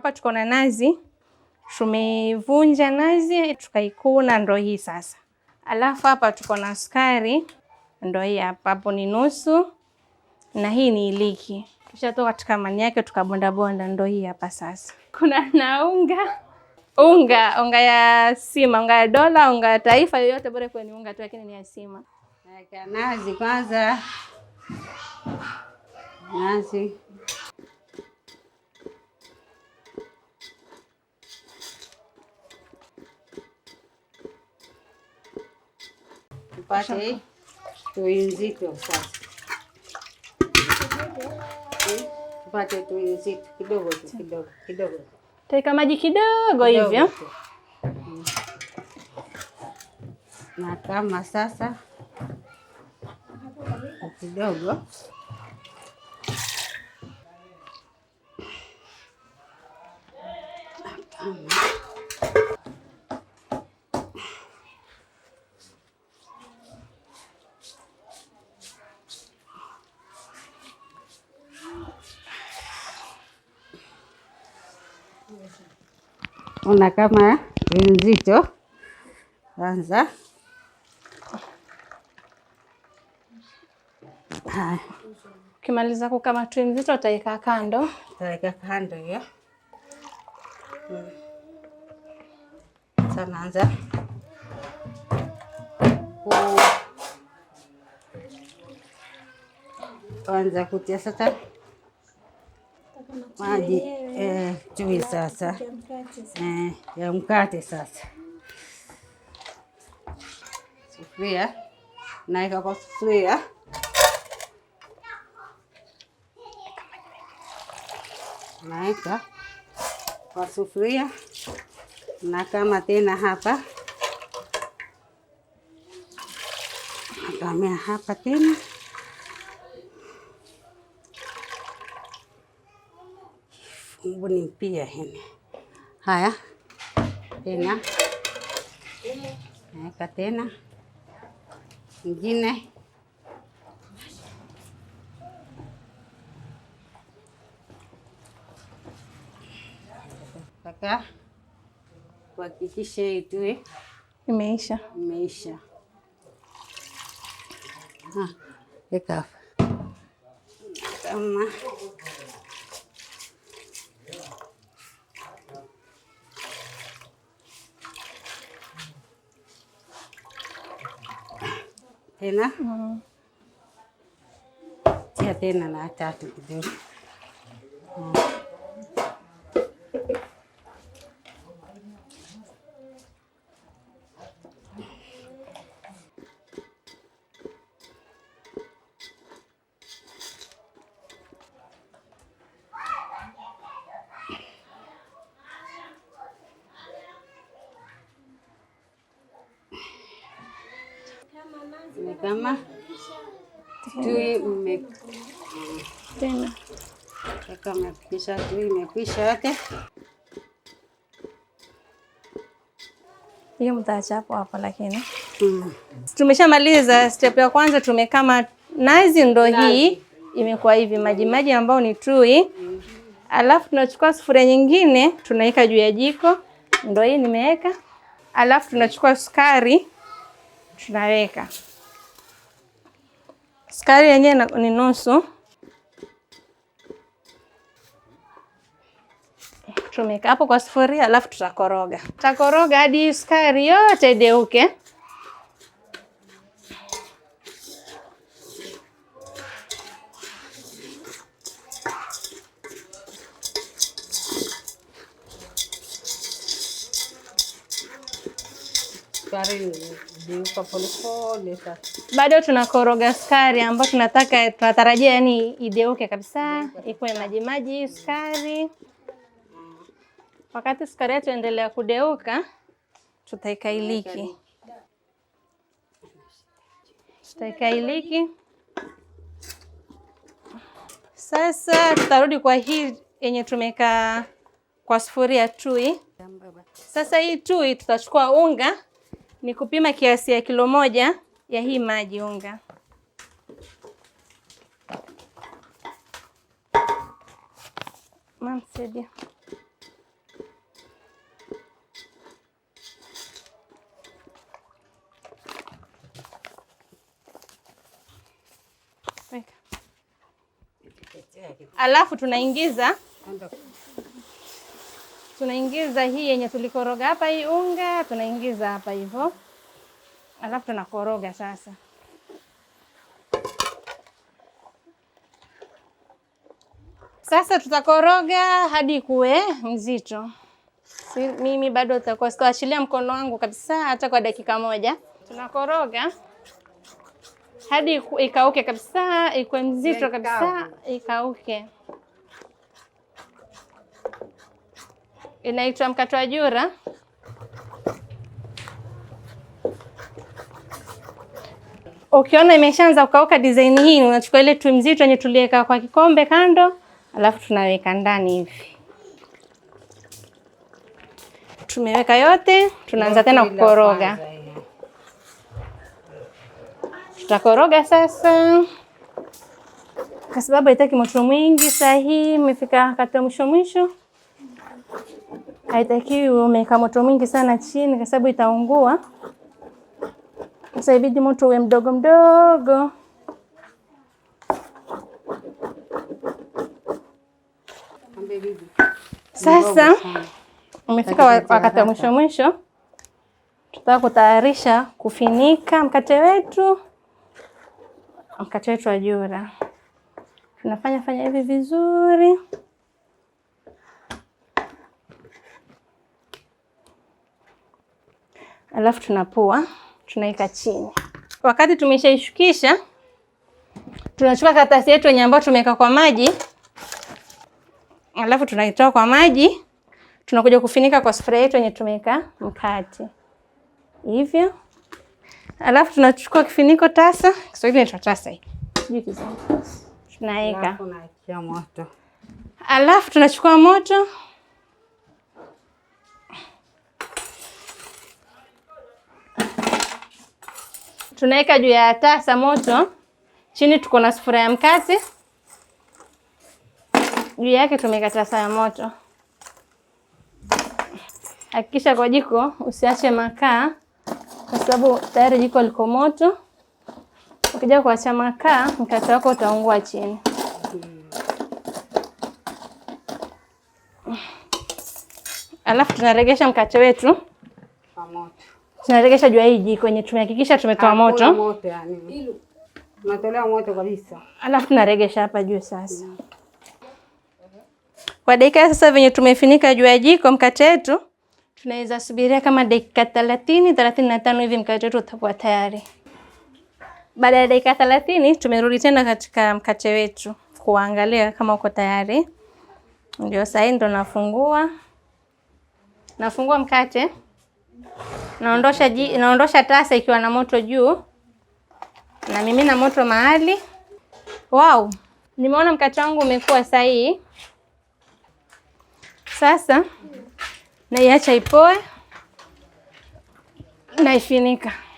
Hapa tuko na nazi, tumevunja nazi tukaikuna, ndo hii sasa. Alafu hapa tuko na sukari, ndo hii hapa, hapo ni nusu, na hii ni iliki. Tushatoka katika mani yake tukabondabonda, ndo hii hapa sasa. Kuna na unga unga unga ya sima, unga ya dola, unga ya taifa yoyote, bora kuwe ni unga tu, lakini ni ya sima. Nazi kwanza, nazi tupate tui nzito sasa, eh, tupate tui nzito kidogo tu, kidogo kidogo, taika maji kidogo hivyo. Na kama sasa kidogo kama una kama nzito kwanza. Haya, ukimaliza kukama tui mzito utaweka kando, utaweka kando hiyo. Sasa naanza kutia sasa maji Eh, chewy sasa eh, ya mkate sasa. Sufuria naika kwa sufuria naika kwa sufuria na kama tena hapa nakamia hapa tena Mbuni pia hene. Haya tena naweka tena ingine taka kuhakikisha itue imeisha imeisha. Ah, eka kama thế na ừ. chia tên là na cha tụi Zimezama. Tui ume tena kaka mekisha, tui imekwisha yote hiyo, mtaacha hapo hapo. Lakini mm. tumeshamaliza step ya kwanza, tumekama nazi, ndo hii imekuwa hivi maji maji, ambao ni tui. Alafu tunachukua sufuria nyingine tunaweka juu ya jiko, ndo hii nimeweka. Alafu tunachukua sukari tunaweka Sukari yenyewe ni nusu. Tumeka hapo kwa sufuria, alafu tutakoroga, tutakoroga hadi sukari yote deuke, okay? Sukari iliuka polepole. Bado tunakoroga sukari ambayo tunataka tunatarajia, yani ideuke kabisa, ikuwe maji maji sukari. Wakati sukari yetu endelea kudeuka, tutaika iliki Sasa tutarudi kwa hii yenye tumekaa kwa sufuria tui. Sasa hii tui tutachukua unga ni kupima kiasi ya kilo moja ya hii maji unga. Mamsaidia alafu tunaingiza tunaingiza hii yenye tulikoroga hapa, hii unga tunaingiza hapa hivyo, alafu tunakoroga sasa. Sasa tutakoroga hadi kuwe mzito. Si, mimi bado nitakuwa sikuachilia mkono wangu kabisa hata kwa dakika moja. Tunakoroga hadi ikauke kabisa, ikuwe mzito kabisa, ikauke. inaitwa mkate wa jura. Ukiona imeshaanza kukauka design hii, unachukua ile tui mzito yenye tuliweka kwa kikombe kando, alafu tunaweka ndani hivi. Tumeweka yote, tunaanza tena kukoroga. Tutakoroga sasa, kwa sababu haitaki moto mwingi. sahihi imefika wakati wa mwisho mwisho haitakiwi umeka moto mwingi sana chini, kwa sababu itaungua. Sasa ibidi moto uwe mdogo mdogo. Sasa umefika wakati wa mwisho mwisho, tutaka kutayarisha kufinika mkate wetu, mkate wetu wa jura. Tunafanya fanya hivi vizuri alafu tunapua, tunaweka chini. Wakati tumeshaishukisha, tunachukua karatasi yetu yenye ambayo tumeweka kwa maji, alafu tunaitoa kwa maji, tunakuja kufinika kwa sufuria yetu yenye tumeweka mkate hivyo. Alafu tunachukua kifiniko tasa, Kiswahili inaitwa tasa hii, tunaweka. Alafu tunachukua moto tunaweka juu ya tasa moto. Chini tuko na sufuria ya mkate, juu yake tumeweka tasa ya moto. Hakikisha kwa jiko usiache makaa, kwa sababu tayari jiko liko moto. Ukija kuacha makaa, mkate wako utaungua chini. Alafu tunaregesha mkate wetu pamoja tunaregesha jua hii jiko yenye tumehakikisha tumetoa ah, moto moto, yani tunatolea moto kabisa, alafu tunaregesha hapa juu sasa mm. Kwa dakika sasa venye tumefinika juu ya jiko mkate wetu tunaweza subiria kama dakika thelathini thelathini na tano hivi mkate wetu utakuwa tayari. Baada ya dakika thelathini tumerudi tena katika mkate wetu kuangalia kama uko tayari. Ndio sasa, ndo nafungua nafungua mkate Naondosha, naondosha tasa ikiwa na moto juu, na mimi na moto mahali. Wow, nimeona mkate wangu umekuwa sahihi. Sasa naiacha ipoe, naifinika.